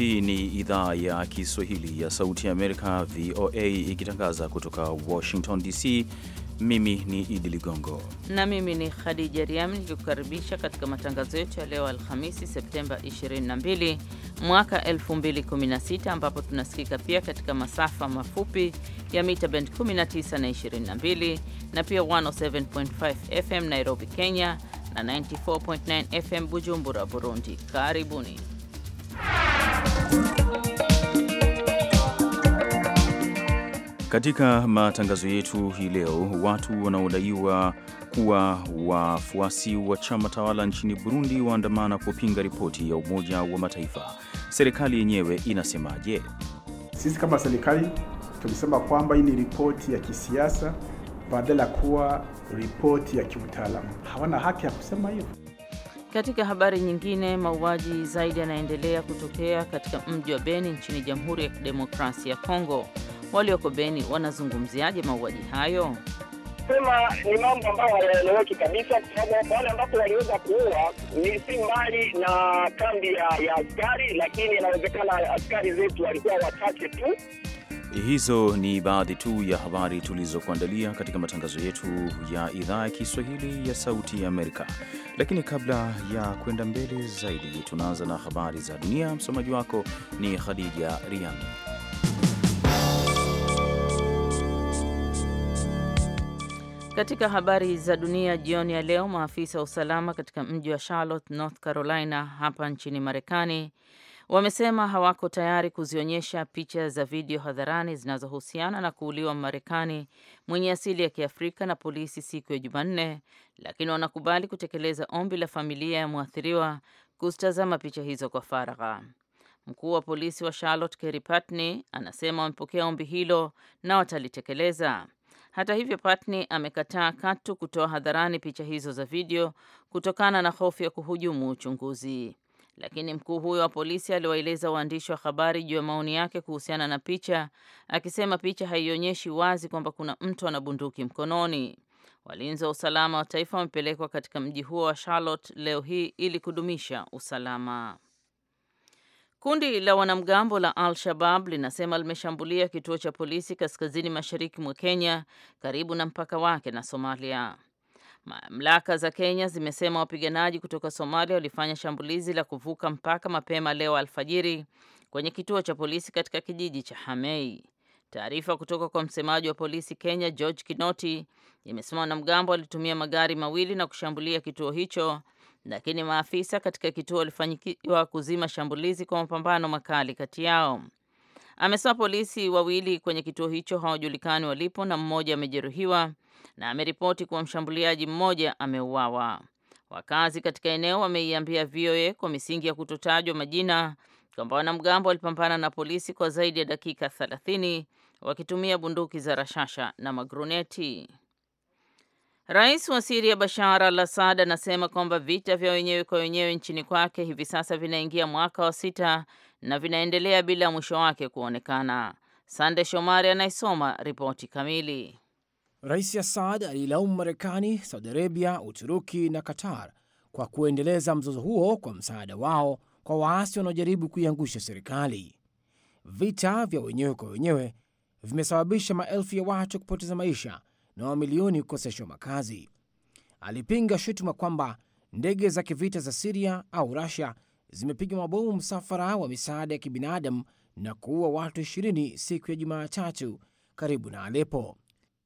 Hii ni idhaa ya Kiswahili ya Sauti ya Amerika, VOA, ikitangaza kutoka Washington DC. Mimi ni Idi Ligongo na mimi ni Khadija Riami nikikukaribisha katika matangazo yetu ya leo Alhamisi, Septemba 22 mwaka 2016, ambapo tunasikika pia katika masafa mafupi ya mita bend 19 na 22 na pia 107.5 FM Nairobi, Kenya na 94.9 FM Bujumbura, Burundi. Karibuni. Katika matangazo yetu hii leo, watu wanaodaiwa kuwa wafuasi wa chama tawala nchini Burundi waandamana kupinga ripoti ya Umoja wa Mataifa. Serikali yenyewe inasemaje? Sisi kama serikali tulisema kwamba hii ni ripoti ya kisiasa badala ya kuwa ripoti ya kiutaalamu. Hawana haki ya kusema hivyo. Katika habari nyingine, mauaji zaidi yanaendelea kutokea katika mji wa Beni nchini Jamhuri ya Kidemokrasia ya Kongo. Walioko Beni wanazungumziaje mauaji hayo? Sema ni mambo ambayo hayaeleweki kabisa, kwa sababu wale ambapo waliweza kuua ni si mbali na kambi ya, ya askari, lakini inawezekana askari zetu walikuwa wachache tu Hizo ni baadhi tu ya habari tulizokuandalia katika matangazo yetu ya idhaa ya Kiswahili ya Sauti ya Amerika, lakini kabla ya kwenda mbele zaidi, tunaanza na habari za dunia. Msomaji wako ni Khadija Riami. Katika habari za dunia jioni ya leo, maafisa wa usalama katika mji wa Charlotte, North Carolina, hapa nchini Marekani wamesema hawako tayari kuzionyesha picha za video hadharani zinazohusiana na kuuliwa marekani mwenye asili ya Kiafrika na polisi siku ya Jumanne, lakini wanakubali kutekeleza ombi la familia ya mwathiriwa kuzitazama picha hizo kwa faragha. Mkuu wa polisi wa Charlotte Kerry Patney anasema wamepokea ombi hilo na watalitekeleza. Hata hivyo, Patney amekataa katu kutoa hadharani picha hizo za video kutokana na hofu ya kuhujumu uchunguzi lakini mkuu huyo wa polisi aliwaeleza waandishi wa habari juu ya maoni yake kuhusiana na picha, akisema picha haionyeshi wazi kwamba kuna mtu ana bunduki mkononi. Walinzi wa usalama wa taifa wamepelekwa katika mji huo wa Charlotte leo hii ili kudumisha usalama. Kundi la wanamgambo la Al-Shabab linasema limeshambulia kituo cha polisi kaskazini mashariki mwa Kenya karibu na mpaka wake na Somalia. Mamlaka za Kenya zimesema wapiganaji kutoka Somalia walifanya shambulizi la kuvuka mpaka mapema leo alfajiri kwenye kituo cha polisi katika kijiji cha Hamei. Taarifa kutoka kwa msemaji wa polisi Kenya George Kinoti imesema wanamgambo walitumia magari mawili na kushambulia kituo hicho, lakini maafisa katika kituo walifanikiwa kuzima shambulizi kwa mapambano makali kati yao. Amesema polisi wawili kwenye kituo hicho hawajulikani walipo na mmoja amejeruhiwa na ameripoti kuwa mshambuliaji mmoja ameuawa. Wakazi katika eneo wameiambia VOA kwa misingi ya kutotajwa majina kwamba wanamgambo walipambana na polisi kwa zaidi ya dakika 30 wakitumia bunduki za rashasha na magruneti. Rais wa Siria Bashar al Assad anasema kwamba vita vya wenyewe kwa wenyewe nchini kwake hivi sasa vinaingia mwaka wa sita na vinaendelea bila mwisho wake kuonekana. Sande Shomari anaisoma ripoti kamili. Rais Assad aliilaumu Marekani, Saudi Arabia, Uturuki na Qatar kwa kuendeleza mzozo huo kwa msaada wao kwa waasi wanaojaribu kuiangusha serikali. Vita vya wenyewe kwa wenyewe vimesababisha maelfu ya watu kupoteza maisha na mamilioni kukoseshwa makazi. Alipinga shutuma kwamba ndege za kivita za Siria au Rusia zimepiga mabomu msafara wa misaada ya kibinadamu na kuua watu 20 siku ya Jumatatu karibu na Alepo.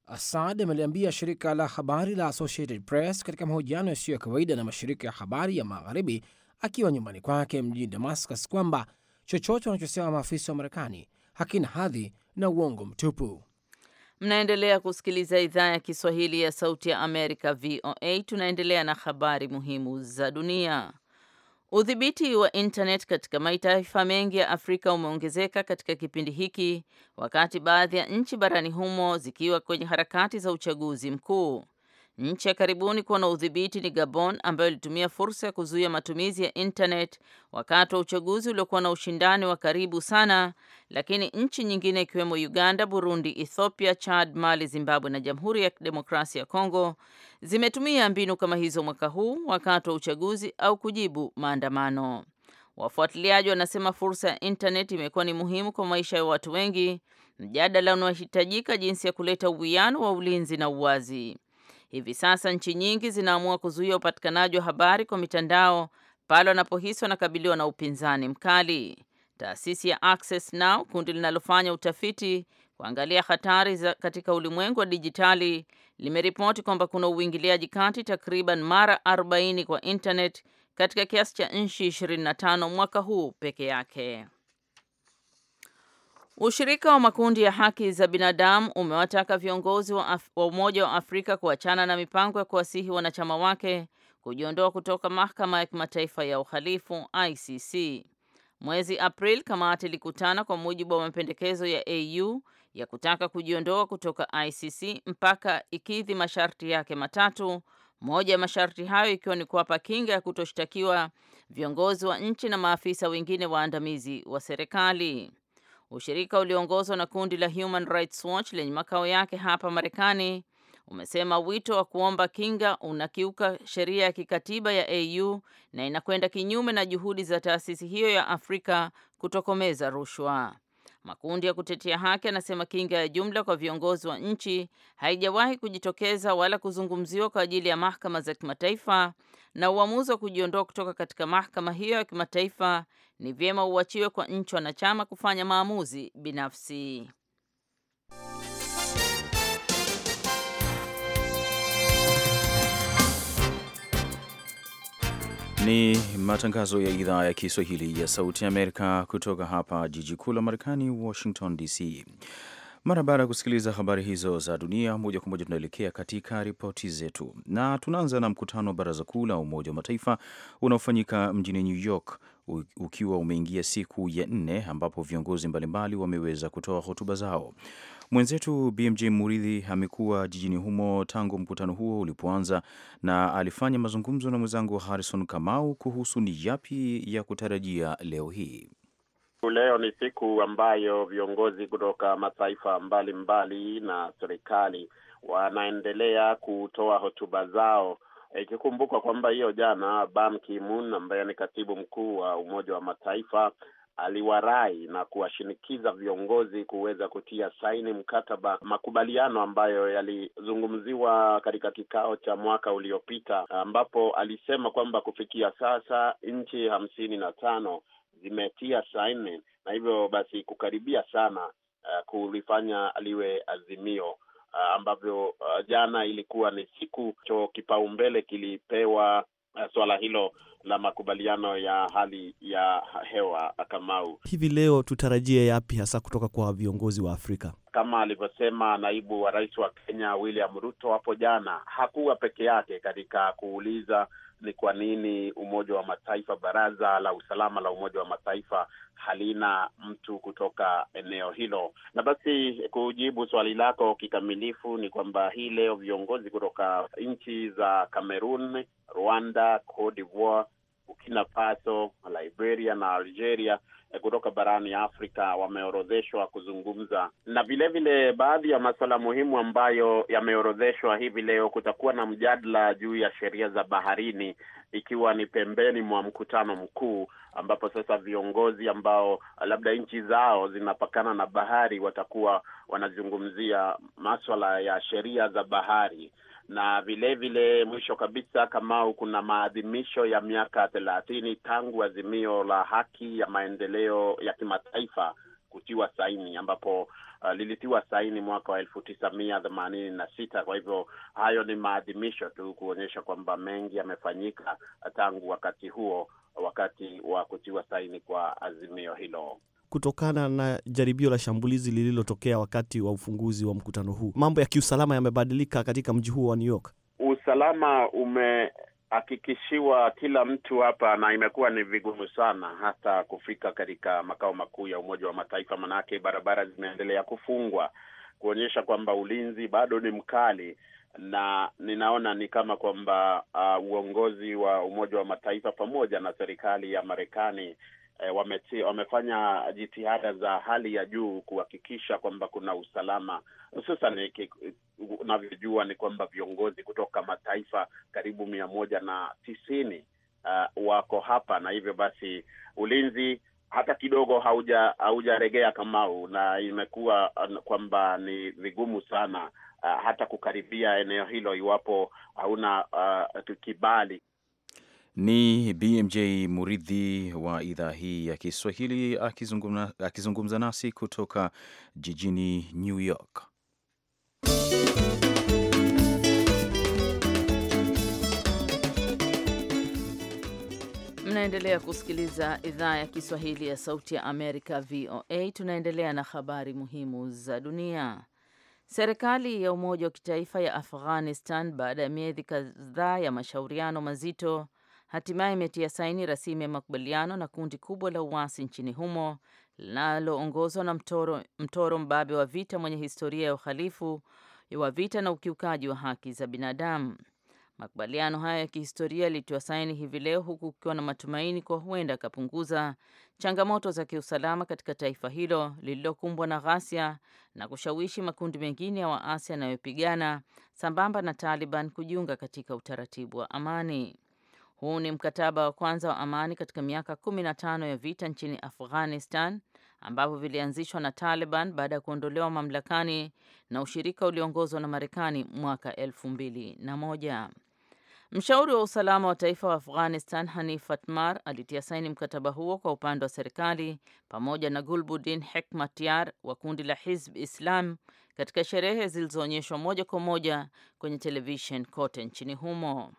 Assad ameliambia shirika la habari la Associated Press katika mahojiano yasiyo ya kawaida na mashirika ya habari ya Magharibi akiwa nyumbani kwake mjini Damascus kwamba chochote wanachosema maafisa wa Marekani hakina hadhi na uongo mtupu. Mnaendelea kusikiliza idhaa ya Kiswahili ya Sauti ya Amerika, VOA. Tunaendelea na habari muhimu za dunia. Udhibiti wa internet katika mataifa mengi ya Afrika umeongezeka katika kipindi hiki wakati baadhi ya nchi barani humo zikiwa kwenye harakati za uchaguzi mkuu. Nchi ya karibuni kuwa na udhibiti ni Gabon ambayo ilitumia fursa ya kuzuia matumizi ya intanet wakati wa uchaguzi uliokuwa na ushindani wa karibu sana, lakini nchi nyingine ikiwemo Uganda, Burundi, Ethiopia, Chad, Mali, Zimbabwe na Jamhuri ya Demokrasia ya Kongo zimetumia mbinu kama hizo mwaka huu wakati wa uchaguzi au kujibu maandamano. Wafuatiliaji wanasema fursa ya intanet imekuwa ni muhimu kwa maisha ya watu wengi. Mjadala unaohitajika jinsi ya kuleta uwiano wa ulinzi na uwazi. Hivi sasa nchi nyingi zinaamua kuzuia upatikanaji wa habari kwa mitandao pale wanapohisi wanakabiliwa na upinzani mkali. Taasisi ya Access Now, kundi linalofanya utafiti kuangalia hatari za katika ulimwengu wa dijitali, limeripoti kwamba kuna uingiliaji kati takriban mara 40 kwa internet katika kiasi cha nchi 25 mwaka huu peke yake. Ushirika wa makundi ya haki za binadamu umewataka viongozi wa, wa Umoja wa Afrika kuachana na mipango ya kuwasihi wanachama wake kujiondoa kutoka mahakama ya kimataifa ya uhalifu ICC. Mwezi april kamati ilikutana kwa mujibu wa mapendekezo ya AU ya kutaka kujiondoa kutoka ICC mpaka ikidhi masharti yake matatu. Moja ya masharti hayo ikiwa ni kuwapa kinga ya kutoshtakiwa viongozi wa nchi na maafisa wengine waandamizi wa serikali. Ushirika ulioongozwa na kundi la Human Rights Watch lenye makao yake hapa Marekani umesema wito wa kuomba kinga unakiuka sheria ya kikatiba ya AU na inakwenda kinyume na juhudi za taasisi hiyo ya Afrika kutokomeza rushwa. Makundi ya kutetea haki yanasema kinga ya jumla kwa viongozi wa nchi haijawahi kujitokeza wala kuzungumziwa kwa ajili ya mahakama za kimataifa na uamuzi wa kujiondoa kutoka katika mahakama hiyo ya kimataifa ni vyema uachiwe kwa nchi wanachama kufanya maamuzi binafsi. Ni matangazo ya idhaa ya Kiswahili ya Sauti ya Amerika kutoka hapa jiji kuu la Marekani, Washington DC. Mara baada ya kusikiliza habari hizo za dunia moja kwa moja, tunaelekea katika ripoti zetu na tunaanza na mkutano wa Baraza Kuu la Umoja wa Mataifa unaofanyika mjini New York ukiwa umeingia siku ya nne ambapo viongozi mbalimbali wameweza kutoa hotuba zao. Mwenzetu BMJ Muridhi amekuwa jijini humo tangu mkutano huo ulipoanza na alifanya mazungumzo na mwenzangu Harrison Kamau kuhusu ni yapi ya kutarajia leo hii. Leo ni siku ambayo viongozi kutoka mataifa mbalimbali mbali na serikali wanaendelea kutoa hotuba zao, ikikumbukwa e, kwamba hiyo jana Ban Ki-moon ambaye ni katibu mkuu wa Umoja wa Mataifa aliwarai na kuwashinikiza viongozi kuweza kutia saini mkataba makubaliano ambayo yalizungumziwa katika kikao cha mwaka uliopita, ambapo alisema kwamba kufikia sasa nchi hamsini na tano zimetia saini na hivyo basi kukaribia sana uh, kulifanya liwe azimio uh, ambavyo uh, jana ilikuwa ni siku cho kipaumbele kilipewa uh, swala hilo la makubaliano ya hali ya hewa. Kamau, hivi leo tutarajie yapi hasa kutoka kwa viongozi wa Afrika? Kama alivyosema naibu wa rais wa Kenya William Ruto hapo jana, hakuwa peke yake katika kuuliza ni kwa nini Umoja wa Mataifa, Baraza la Usalama la Umoja wa Mataifa halina mtu kutoka eneo hilo. Na basi kujibu swali lako kikamilifu ni kwamba hii leo viongozi kutoka nchi za Cameroon, Rwanda, Cote d'Ivoire Burkina Faso, Liberia na Algeria eh, kutoka barani Afrika wameorodheshwa kuzungumza, na vilevile baadhi ya masuala muhimu ambayo yameorodheshwa hivi leo. Kutakuwa na mjadala juu ya sheria za baharini, ikiwa ni pembeni mwa mkutano mkuu, ambapo sasa viongozi ambao eh, labda nchi zao zinapakana na bahari watakuwa wanazungumzia maswala ya sheria za bahari na vilevile vile, mwisho kabisa, Kamau, kuna maadhimisho ya miaka thelathini tangu azimio la haki ya maendeleo ya kimataifa kutiwa saini ambapo uh, lilitiwa saini mwaka wa elfu tisa mia themanini na sita. Kwa hivyo hayo ni maadhimisho tu kuonyesha kwamba mengi yamefanyika tangu wakati huo, wakati wa kutiwa saini kwa azimio hilo kutokana na jaribio la shambulizi lililotokea wakati wa ufunguzi wa mkutano huu? Mambo ya kiusalama yamebadilika katika mji huo wa New York. Usalama umehakikishiwa kila mtu hapa, na imekuwa ni vigumu sana hata kufika katika makao makuu ya Umoja wa Mataifa, manake barabara zimeendelea kufungwa kuonyesha kwamba ulinzi bado ni mkali na ninaona ni kama kwamba uh, uongozi wa Umoja wa Mataifa pamoja na serikali ya Marekani e, wameti, wamefanya jitihada za hali ya juu kuhakikisha kwamba kuna usalama, hususan unavyojua ni kwamba viongozi kutoka mataifa karibu mia moja na tisini uh, wako hapa, na hivyo basi ulinzi hata kidogo hauja haujaregea Kamau, na imekuwa uh, kwamba ni vigumu sana uh, hata kukaribia eneo hilo iwapo hauna uh, kibali. Ni BMJ Muridhi wa idhaa hii ya Kiswahili akizungumza nasi kutoka jijini New York. Mnaendelea kusikiliza idhaa ya Kiswahili ya Sauti ya Amerika, VOA. Tunaendelea na habari muhimu za dunia. Serikali ya umoja wa kitaifa ya Afghanistan, baada ya miezi kadhaa ya mashauriano mazito hatimaye imetia saini rasimu ya makubaliano na kundi kubwa la uasi nchini humo linaloongozwa na mtoro, mtoro mbabe wa vita mwenye historia ya uhalifu wa vita na ukiukaji wa haki za binadamu. Makubaliano hayo ya kihistoria yalitiwa saini hivi leo huku kukiwa na matumaini kwa huenda akapunguza changamoto za kiusalama katika taifa hilo lililokumbwa na ghasia na kushawishi makundi mengine ya waasi yanayopigana sambamba na Taliban kujiunga katika utaratibu wa amani. Huu ni mkataba wa kwanza wa amani katika miaka 15 ya vita nchini Afghanistan ambavyo vilianzishwa na Taliban baada ya kuondolewa mamlakani na ushirika ulioongozwa na Marekani mwaka 21 Mshauri wa usalama wa taifa wa Afghanistan Hanif Atmar alitia saini mkataba huo kwa upande wa serikali pamoja na Gulbuddin Hekmatyar wa kundi la Hizb Islam katika sherehe zilizoonyeshwa moja kwa moja kwenye televishen kote nchini humo.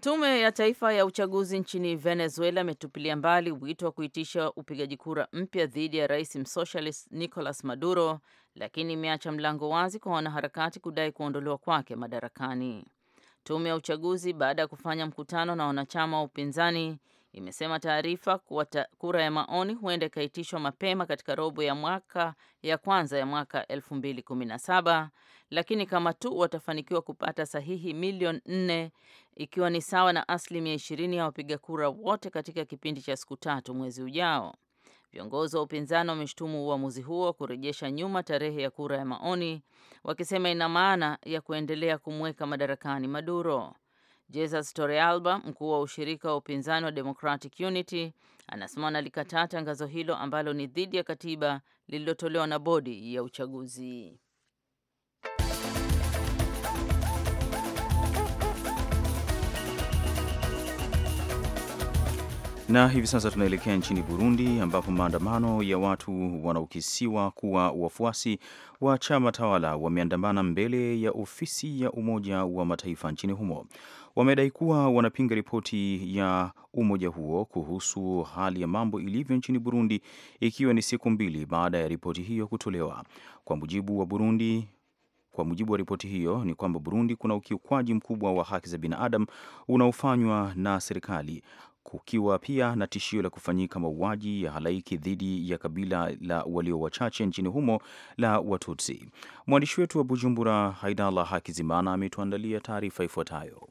Tume ya Taifa ya Uchaguzi nchini Venezuela imetupilia mbali wito wa kuitisha upigaji kura mpya dhidi ya rais msocialist Nicolas Maduro, lakini imeacha mlango wazi kwa wanaharakati kudai kuondolewa kwake madarakani. Tume ya uchaguzi, baada ya kufanya mkutano na wanachama wa upinzani, imesema taarifa kuwa kura ya maoni huenda ikaitishwa mapema katika robo ya mwaka ya kwanza ya mwaka 2017 lakini kama tu watafanikiwa kupata sahihi milioni nne ikiwa ni sawa na asilimia 20 ya wapiga kura wote katika kipindi cha siku tatu mwezi ujao. Viongozi wa upinzani wameshutumu uamuzi huo wa kurejesha nyuma tarehe ya kura ya maoni, wakisema ina maana ya kuendelea kumweka madarakani Maduro. Jesus torealba mkuu wa ushirika wa upinzani wa Democratic Unity, anasema analikataa tangazo hilo ambalo ni dhidi ya katiba lililotolewa na bodi ya uchaguzi. Na hivi sasa tunaelekea nchini Burundi ambapo maandamano ya watu wanaokisiwa kuwa wafuasi wa chama tawala wameandamana mbele ya ofisi ya Umoja wa Mataifa nchini humo. Wamedai kuwa wanapinga ripoti ya umoja huo kuhusu hali ya mambo ilivyo nchini Burundi, ikiwa ni siku mbili baada ya ripoti hiyo kutolewa. Kwa mujibu wa Burundi kwa mujibu wa ripoti hiyo ni kwamba Burundi kuna ukiukwaji mkubwa wa haki za binadamu unaofanywa na serikali kukiwa pia na tishio la kufanyika mauaji ya halaiki dhidi ya kabila la walio wachache nchini humo la Watutsi. Mwandishi wetu wa Bujumbura, Haidala Hakizimana, ametuandalia taarifa ifuatayo.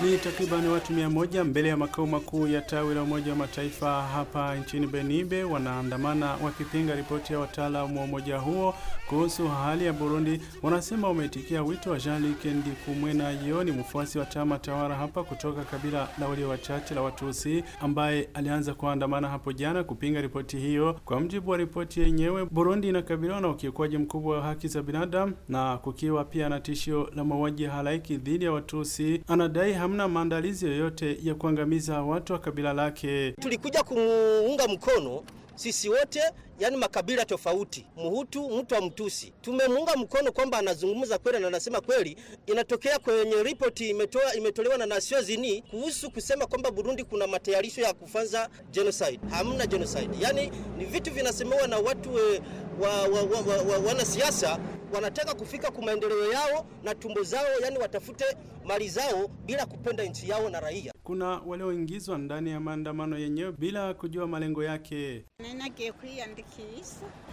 Ni takribani watu mia moja mbele ya makao makuu ya tawi la Umoja wa Mataifa hapa nchini Benibe wanaandamana wakipinga ripoti ya wataalamu wa umoja huo kuhusu hali ya Burundi wanasema wametikia wito wa Jean Luc Ndikumwena Yoni, mfuasi wa chama tawala hapa kutoka kabila la walio wachache la Watusi, ambaye alianza kuandamana hapo jana kupinga ripoti hiyo. Kwa mjibu wa ripoti yenyewe, Burundi inakabiliwa na ukiukwaji mkubwa wa haki za binadamu na kukiwa pia na tishio la mauaji ya halaiki dhidi ya Watusi. Anadai hamna maandalizi yoyote ya kuangamiza watu wa kabila lake. Tulikuja kumuunga mkono sisi wote, yani makabila tofauti, Mhutu, mtu wa Mtusi, tumemuunga mkono kwamba anazungumza kweli na anasema kweli. Inatokea kwenye ripoti imetoa imetolewa na nasiozini kuhusu kusema kwamba Burundi kuna matayarisho ya kufanza genocide. Hamna genocide, yani ni vitu vinasemewa na watu we, eh, wanasiasa wa, wa, wa, wa, wa wanataka kufika ku maendeleo yao na tumbo zao, yani watafute mali zao bila kupenda nchi yao na raia. Kuna walioingizwa ndani ya maandamano yenyewe bila kujua malengo yake.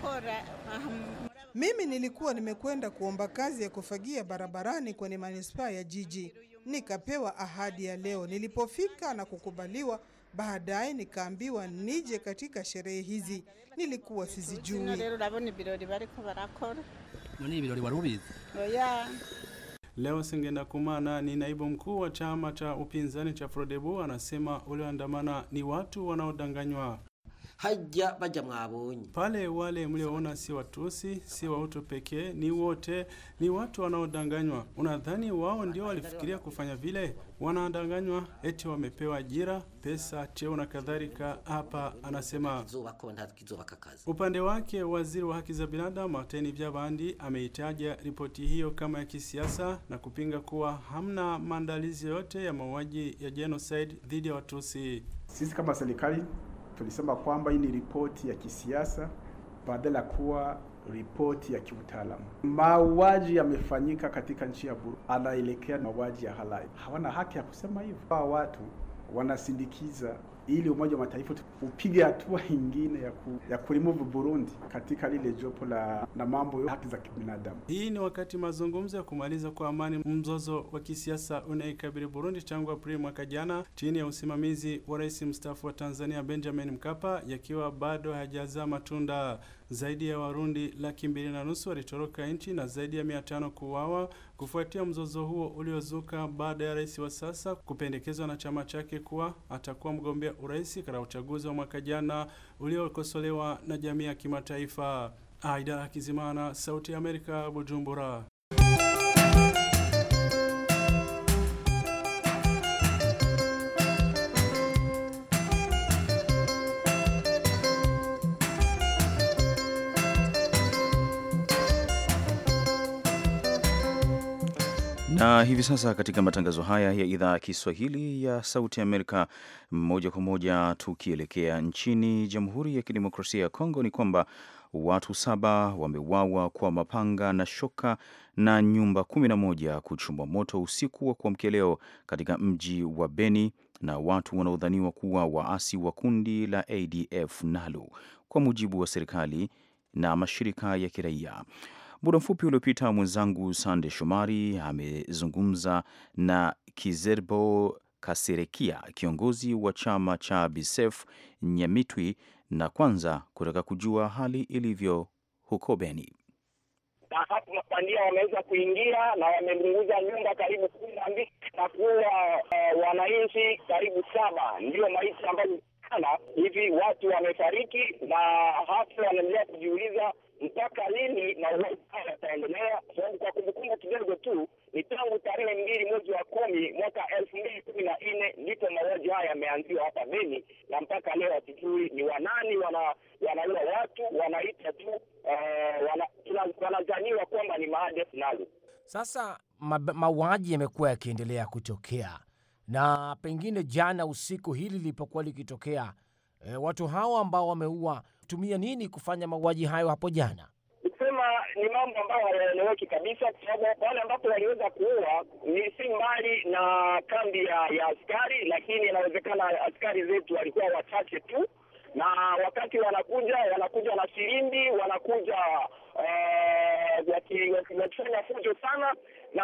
Um, Mimi nilikuwa nimekwenda kuomba kazi ya kufagia barabarani kwenye manispaa ya jiji, nikapewa ahadi ya leo. Nilipofika na kukubaliwa Baadaye nikaambiwa nije katika sherehe hizi, nilikuwa sizijui. Leo kumana ni naibu mkuu wa chama cha upinzani cha Frodebu anasema walioandamana ni watu wanaodanganywa haja baje mwabonye pale. Wale mlioona si Watusi, si wauto pekee, ni wote, ni watu wanaodanganywa. Unadhani wao ndio walifikiria kufanya vile? Wanadanganywa eti wamepewa ajira, pesa, cheo na kadhalika. Hapa anasema upande wake waziri wa haki za binadamu Martin Vyabandi ameitaja ripoti hiyo kama ya kisiasa na kupinga kuwa hamna maandalizi yoyote ya mauaji ya genocide dhidi ya Watusi. Sisi kama serikali tulisema kwamba hii ni ripoti ya kisiasa badala ya kuwa ripoti ya kiutaalamu. Mauaji yamefanyika katika nchi ya Burundi, anaelekea mauaji ya halali. Hawana haki ya kusema hivyo. Hawa watu wanasindikiza ili Umoja wa Mataifa upige hatua nyingine ya, ku, ya kulimove Burundi katika lile jopo la na mambo ya haki za kibinadamu. Hii ni wakati mazungumzo ya kumaliza kwa amani mzozo wa kisiasa unaikabili Burundi tangu Aprili mwaka jana chini ya usimamizi wa Rais mstaafu wa Tanzania Benjamin Mkapa yakiwa bado hajazaa matunda. Zaidi ya Warundi laki mbili na nusu walitoroka nchi na zaidi ya mia tano kuuawa kufuatia mzozo huo uliozuka baada ya rais wa sasa kupendekezwa na chama chake kuwa atakuwa mgombea urais katika uchaguzi wa mwaka jana uliokosolewa na jamii ya kimataifa. Aida ah, Kizimana, Sauti ya Amerika, Bujumbura. Na hivi sasa katika matangazo haya ya idhaa ya Kiswahili ya Sauti Amerika, moja kwa moja tukielekea nchini Jamhuri ya Kidemokrasia ya Kongo, ni kwamba watu saba wameuawa kwa mapanga na shoka na nyumba kumi na moja kuchomwa moto usiku wa kuamkia leo katika mji wa Beni na watu wanaodhaniwa kuwa waasi wa kundi la ADF NALU, kwa mujibu wa serikali na mashirika ya kiraia. Muda mfupi uliopita mwenzangu Sande Shomari amezungumza na Kizerbo Kaserekia, kiongozi wa chama cha Bisef Nyamitwi, na kwanza kutaka kujua hali ilivyo huko Beni. Hapo wameweza kuingia na wamelunguza nyumba karibu kumi na mbili na kuua eh, wananchi karibu saba, ndiyo maisha ambayo sana hivi, watu wamefariki na hasa wanaendelea kujiuliza mpaka lini mauaji haya yataendelea, sababu kwa kumbukumbu kidogo tu ni tangu tarehe mbili mwezi wa kumi mwaka elfu mbili kumi na nne ndipo mauaji haya yameanziwa hapa Beni, na mpaka leo hatujui ni wanani wana wanaua watu, wanaita tu eh, wanazaniwa kwamba ni maadef nalo. Sasa mauaji yamekuwa yakiendelea kutokea na pengine jana usiku hili lilipokuwa likitokea, e, watu hawa ambao wameua tumia nini kufanya mauaji hayo hapo jana? ni mambo ambayo hayaeleweki kabisa, kwa sababu pale ambapo waliweza kuua ni si mbali na kambi ya, ya askari, lakini inawezekana askari zetu walikuwa wachache tu, na wakati wanakuja wanakuja na firimbi wanakuja wakifanya eh, fujo sana, na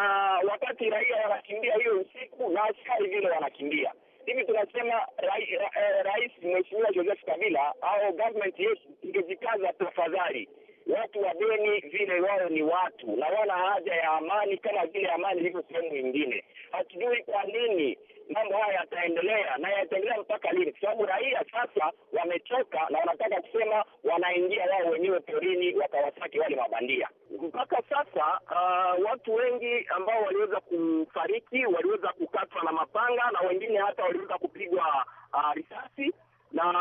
wakati raia wanakimbia hiyo usiku na askari vile wanakimbia hivi, tunasema eh, rais Mheshimiwa Joseph Kabila au government yetu ingejikaza tafadhali Watu wa Beni vile wao ni watu na wana haja ya amani kama vile amani ilivyo sehemu nyingine. Hatujui kwa nini mambo haya yataendelea na yataendelea mpaka lini? Kwa sababu raia sasa wamechoka na wanataka kusema, wanaingia wao wenyewe porini wakawasaki wale mabandia. Mpaka sasa uh, watu wengi ambao waliweza kufariki waliweza kukatwa na mapanga na wengine hata waliweza kupigwa uh, risasi na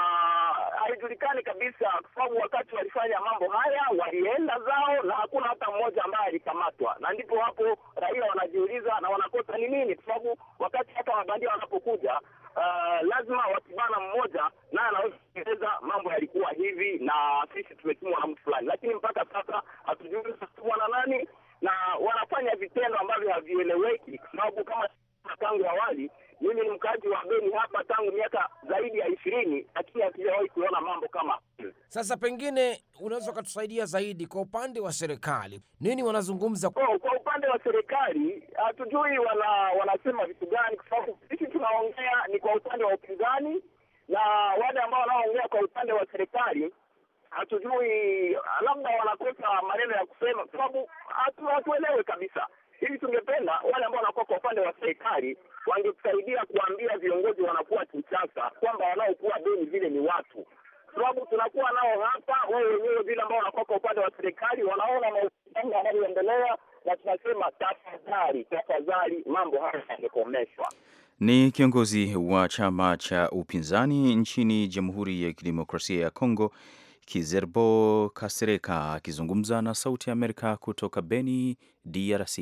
haijulikani kabisa, kwa sababu wakati walifanya mambo haya walienda zao na hakuna hata mmoja ambaye alikamatwa, na ndipo hapo raia wanajiuliza na wanakosa ni nini, kwa sababu wakati hata mabandia wanapokuja Uh, lazima wakibana mmoja naye anaweza kueleza mambo yalikuwa hivi na sisi tumetumwa na mtu fulani, lakini mpaka sasa hatujui tumetumwa na nani, na wanafanya vitendo ambavyo havieleweki, kwa sababu kama tangu awali, mimi ni mkaaji wa Beni hapa tangu miaka ishirini, lakini hatujawahi kuona mambo kama sasa. Pengine unaweza ukatusaidia zaidi kwa upande wa serikali, nini wanazungumza? Oh, kwa upande wa serikali hatujui wana, wanasema vitu gani, kwa sababu sisi tunaongea ni kwa upande wa upinzani na wale ambao wanaoongea kwa upande wa serikali hatujui, labda wanakosa maneno ya kusema, kwa sababu hatuelewe kabisa. Hivi tungependa wale ambao wanakuwa kwa upande wa serikali wangetusaidia kuambia viongozi wanakuwa kisasa kwamba wanaokuwa deni vile ni watu, sababu tunakuwa nao hapa. Wao wenyewe vile ambao wanakuwa kwa upande wa serikali wanaona mauaji yanayoendelea, na tunasema tafadhali, tafadhali mambo haya yamekomeshwa. Ni kiongozi wa chama cha upinzani nchini Jamhuri ya Kidemokrasia ya Kongo Kizerbo Kasereka akizungumza na Sauti ya Amerika kutoka Beni, DRC.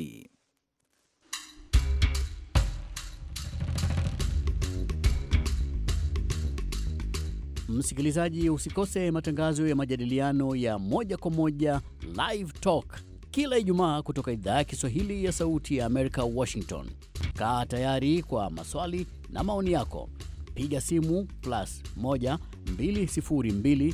Msikilizaji, usikose matangazo ya majadiliano ya moja kwa moja Live Talk kila Ijumaa kutoka idhaa ya Kiswahili ya Sauti ya Amerika, Washington. Kaa tayari kwa maswali na maoni yako, piga simu plus 1 202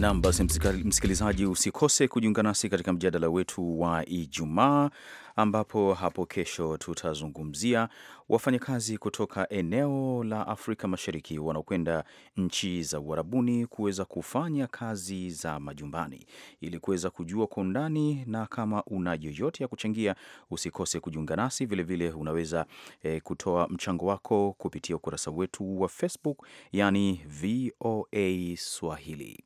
Nam, basi msikilizaji, usikose kujiunga nasi katika mjadala wetu wa Ijumaa, ambapo hapo kesho tutazungumzia wafanyakazi kutoka eneo la Afrika Mashariki wanaokwenda nchi za uharabuni kuweza kufanya kazi za majumbani. Ili kuweza kujua kwa undani, na kama una yoyote ya kuchangia, usikose kujiunga nasi vilevile. Vile unaweza e, kutoa mchango wako kupitia ukurasa wetu wa Facebook, yani VOA Swahili.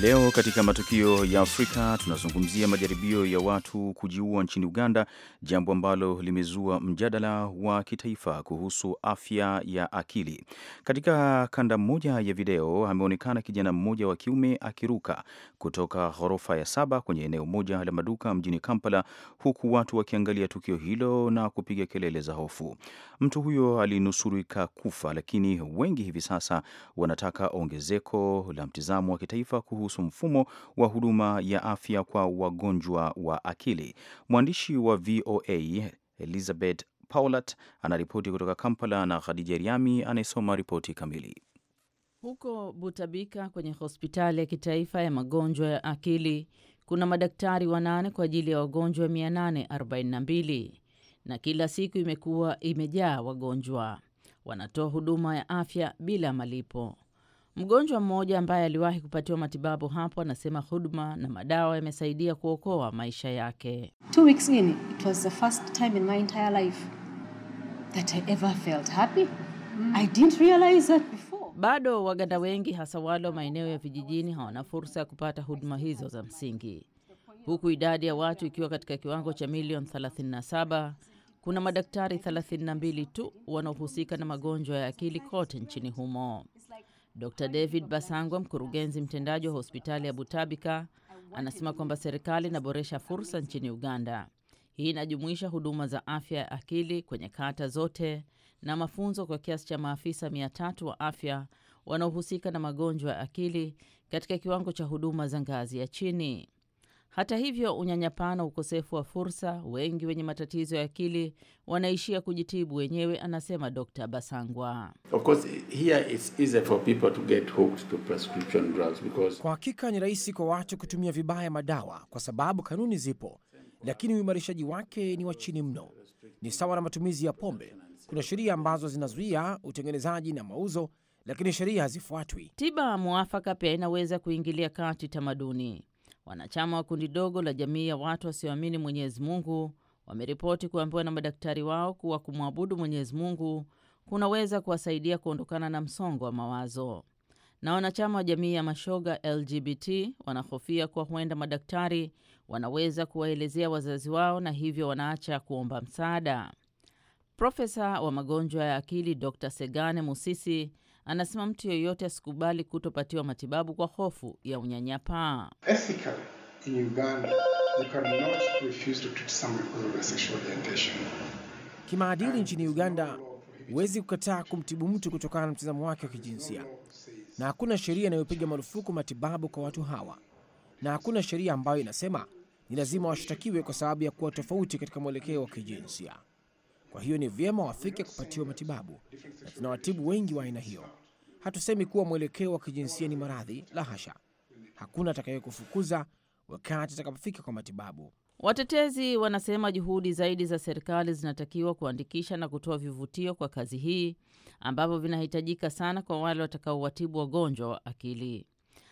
Leo katika matukio ya Afrika tunazungumzia majaribio ya watu kujiua nchini Uganda, jambo ambalo limezua mjadala wa kitaifa kuhusu afya ya akili. Katika kanda moja ya video, ameonekana kijana mmoja wa kiume akiruka kutoka ghorofa ya saba kwenye eneo moja la maduka mjini Kampala, huku watu wakiangalia tukio hilo na kupiga kelele za hofu. Mtu huyo alinusurika kufa, lakini wengi hivi sasa wanataka ongezeko la mtizamo wa kitaifa kuhusu kuhusu mfumo wa huduma ya afya kwa wagonjwa wa akili. Mwandishi wa VOA Elizabeth Paulat anaripoti kutoka Kampala na Khadija Riami anayesoma ripoti kamili. Huko Butabika kwenye hospitali ya kitaifa ya magonjwa ya akili kuna madaktari wanane kwa ajili ya wagonjwa 842 na kila siku imekuwa imejaa wagonjwa. Wanatoa huduma ya afya bila malipo. Mgonjwa mmoja ambaye aliwahi kupatiwa matibabu hapo anasema huduma na madawa yamesaidia kuokoa maisha yake. Bado Waganda wengi hasa wale wa maeneo ya vijijini hawana fursa ya kupata huduma hizo za msingi. Huku idadi ya watu ikiwa katika kiwango cha milioni 37, kuna madaktari 32 tu wanaohusika na magonjwa ya akili kote nchini humo. Dr. David Basangwa, mkurugenzi mtendaji wa hospitali ya Butabika, anasema kwamba serikali inaboresha fursa nchini Uganda. Hii inajumuisha huduma za afya ya akili kwenye kata zote na mafunzo kwa kiasi cha maafisa mia tatu wa afya wanaohusika na magonjwa ya akili katika kiwango cha huduma za ngazi ya chini. Hata hivyo, unyanyapaa na ukosefu wa fursa, wengi wenye matatizo ya akili wanaishia kujitibu wenyewe, anasema Dr. Basangwa. Kwa hakika ni rahisi kwa watu kutumia vibaya madawa kwa sababu kanuni zipo, lakini uimarishaji wake ni wa chini mno. Ni sawa na matumizi ya pombe. Kuna sheria ambazo zinazuia utengenezaji na mauzo, lakini sheria hazifuatwi. Tiba mwafaka pia inaweza kuingilia kati tamaduni. Wanachama wa kundi dogo la jamii ya watu wasioamini Mwenyezi Mungu wameripoti kuambiwa na madaktari wao kuwa kumwabudu Mwenyezi Mungu kunaweza kuwasaidia kuondokana na msongo wa mawazo. Na wanachama wa jamii ya mashoga LGBT wanahofia kuwa huenda madaktari wanaweza kuwaelezea wazazi wao na hivyo wanaacha kuomba msaada. Profesa wa magonjwa ya akili Dr. Segane Musisi anasema mtu yeyote asikubali kutopatiwa matibabu kwa hofu ya unyanyapaa. Kimaadili nchini Uganda, huwezi kukataa kumtibu mtu kutokana na mtazamo wake wa kijinsia, na hakuna sheria inayopiga marufuku matibabu kwa watu hawa, na hakuna sheria ambayo inasema ni lazima washtakiwe kwa sababu ya kuwa tofauti katika mwelekeo wa kijinsia. Kwa hiyo ni vyema wafike kupatiwa matibabu, na tunawatibu wengi wa aina hiyo. Hatusemi kuwa mwelekeo wa kijinsia ni maradhi, la hasha. Hakuna atakayekufukuza wakati atakapofika kwa matibabu. Watetezi wanasema juhudi zaidi za serikali zinatakiwa kuandikisha na kutoa vivutio kwa kazi hii ambavyo vinahitajika sana kwa wale watakaowatibu wagonjwa wa akili.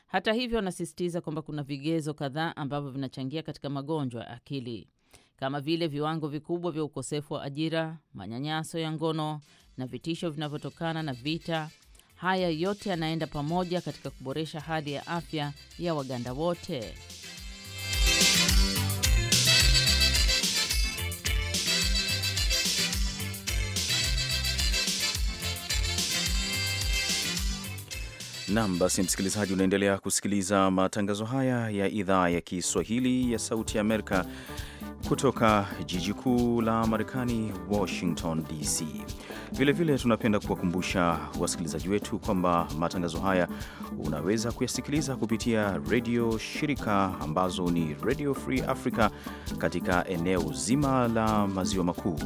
Hata hivyo, wanasisitiza kwamba kuna vigezo kadhaa ambavyo vinachangia katika magonjwa ya akili kama vile viwango vikubwa vya ukosefu wa ajira, manyanyaso ya ngono na vitisho vinavyotokana na vita, Haya yote yanaenda pamoja katika kuboresha hali ya afya ya Waganda wote. Nam, basi msikilizaji, unaendelea kusikiliza matangazo haya ya idhaa ya Kiswahili ya Sauti ya Amerika kutoka jiji kuu la Marekani, Washington DC. Vilevile tunapenda kuwakumbusha wasikilizaji wetu kwamba matangazo haya unaweza kuyasikiliza kupitia redio shirika ambazo ni Radio Free Africa katika eneo zima la maziwa makuu,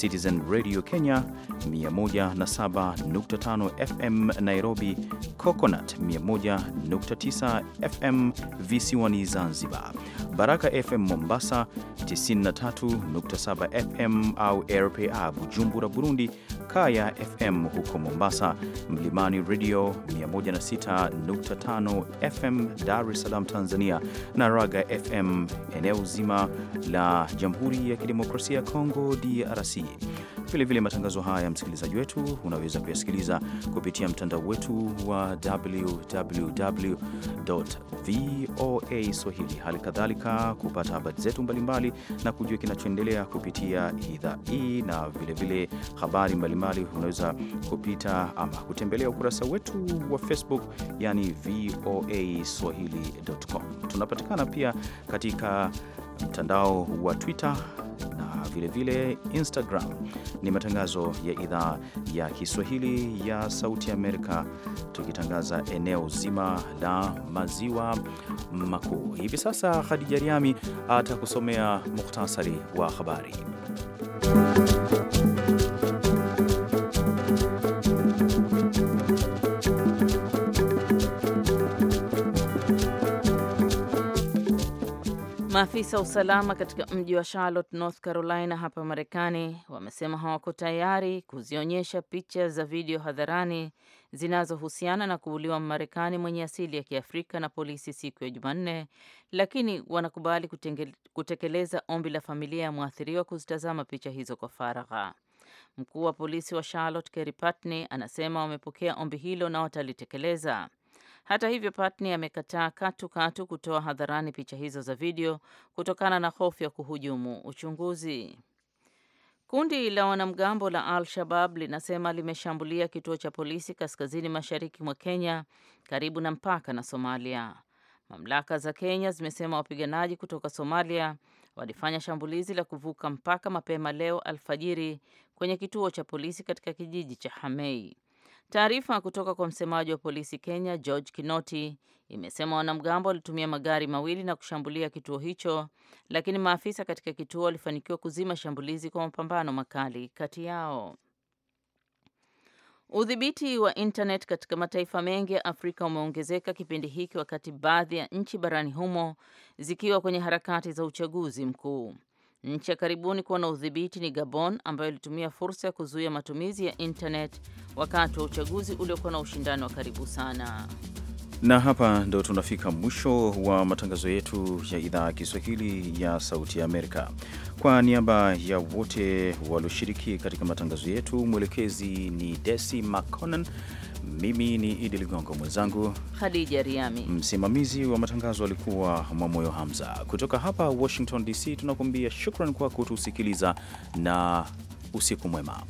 Citizen Radio Kenya 107.5 FM Nairobi, Coconut 101.9 FM visiwani Zanzibar, Baraka FM Mombasa 93.7 FM au RPA Bujumbura, Burundi, Kaya FM huko Mombasa, Mlimani Radio 106.5 FM Dar es Salaam, Tanzania, na Raga FM eneo zima la Jamhuri ya Kidemokrasia ya Kongo, DRC. Vilevile matangazo haya, msikilizaji wetu, unaweza kuyasikiliza kupitia mtandao wetu wa www voa swahili, hali kadhalika kupata habari zetu mbalimbali na kujua kinachoendelea kupitia idhaa hii, na vilevile habari mbalimbali, unaweza kupita ama kutembelea ukurasa wetu wa Facebook, yani voa swahili.com. Tunapatikana pia katika mtandao wa Twitter vilevile vile Instagram. Ni matangazo ya idhaa ya Kiswahili ya Sauti Amerika, tukitangaza eneo zima la maziwa makuu. Hivi sasa Khadija Riami atakusomea muhtasari wa habari. Maafisa wa usalama katika mji wa Charlotte, North Carolina hapa Marekani wamesema hawako tayari kuzionyesha picha za video hadharani zinazohusiana na kuuliwa marekani mwenye asili ya Kiafrika na polisi siku ya Jumanne, lakini wanakubali kutekeleza ombi la familia ya mwathiriwa kuzitazama picha hizo kwa faragha. Mkuu wa polisi wa Charlotte, Kerry Patney, anasema wamepokea ombi hilo na watalitekeleza. Hata hivyo, Patni amekataa katu katu kutoa hadharani picha hizo za video kutokana na hofu ya kuhujumu uchunguzi. Kundi la wanamgambo la Al-Shabab linasema limeshambulia kituo cha polisi kaskazini mashariki mwa Kenya karibu na mpaka na Somalia. Mamlaka za Kenya zimesema wapiganaji kutoka Somalia walifanya shambulizi la kuvuka mpaka mapema leo alfajiri kwenye kituo cha polisi katika kijiji cha Hamei. Taarifa kutoka kwa msemaji wa polisi Kenya, George Kinoti, imesema wanamgambo walitumia magari mawili na kushambulia kituo hicho, lakini maafisa katika kituo walifanikiwa kuzima shambulizi kwa mapambano makali kati yao. Udhibiti wa intanet katika mataifa mengi ya Afrika umeongezeka kipindi hiki wakati baadhi ya nchi barani humo zikiwa kwenye harakati za uchaguzi mkuu. Nchi ya karibuni kuwa na udhibiti ni Gabon ambayo ilitumia fursa ya kuzuia matumizi ya internet wakati wa uchaguzi uliokuwa na ushindani wa karibu sana. Na hapa ndo tunafika mwisho wa matangazo yetu ya idhaa ya Kiswahili ya Sauti ya Amerika. Kwa niaba ya wote walioshiriki katika matangazo yetu, mwelekezi ni Desi McConan. Mimi ni Idi Ligongo, mwenzangu Khadija Riami, msimamizi wa matangazo alikuwa Mwamoyo Hamza. Kutoka hapa Washington DC tunakuambia shukran kwa kutusikiliza na usiku mwema.